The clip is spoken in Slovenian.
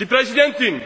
die präsidentin!